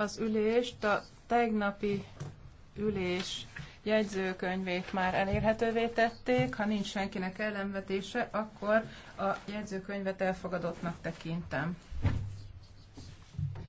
az ülést, a tegnapi ülés jegyzőkönyvét már elérhetővé tették. Ha nincs senkinek ellenvetése, akkor a jegyzőkönyvet elfogadottnak tekintem.